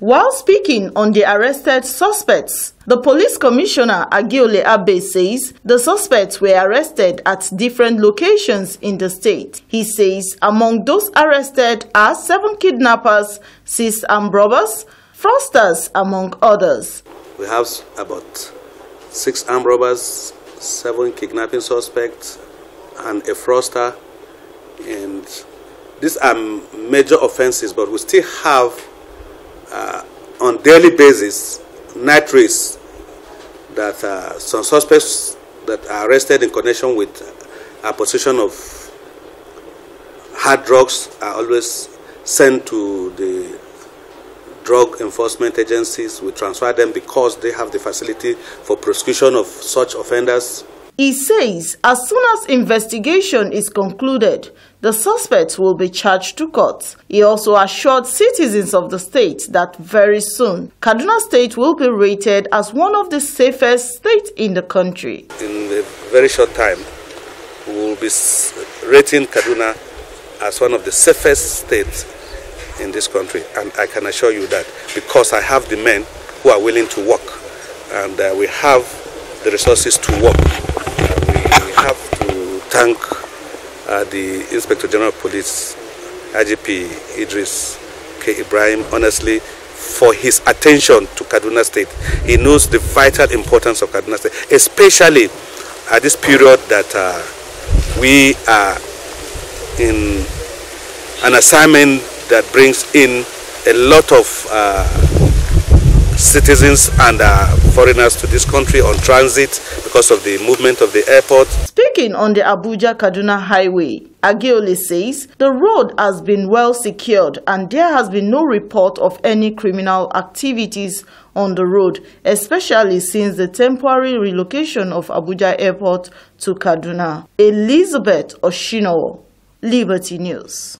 While speaking on the arrested suspects, the police commissioner Agiole Abe says the suspects were arrested at different locations in the state. He says among those arrested are seven kidnappers, six armed robbers, fraudsters, among others. We have about six armed robbers, seven kidnapping suspects, and a fraudster. And these are major offenses, but we still have uh, on daily basis night raids that uh, some suspects that are arrested in connection with uh, a possession of hard drugs are always sent to the drug enforcement agencies. We transfer them because they have the facility for prosecution of such offenders. He says as soon as investigation is concluded, the suspects will be charged to court. He also assured citizens of the state that very soon, Kaduna State will be rated as one of the safest states in the country. In a very short time, we will be rating Kaduna as one of the safest states in this country. And I can assure you that because I have the men who are willing to work and uh, we have the resources to work thank uh, the Inspector General of Police, IGP Idris K. Ibrahim, honestly, for his attention to Kaduna State. He knows the vital importance of Kaduna State, especially at this period that uh, we are in an assignment that brings in a lot of uh, citizens and uh, foreigners to this country on transit because of the movement of the airport. Speaking on the Abuja Kaduna Highway, Agioli says the road has been well secured and there has been no report of any criminal activities on the road, especially since the temporary relocation of Abuja Airport to Kaduna. Elizabeth Oshino, Liberty News.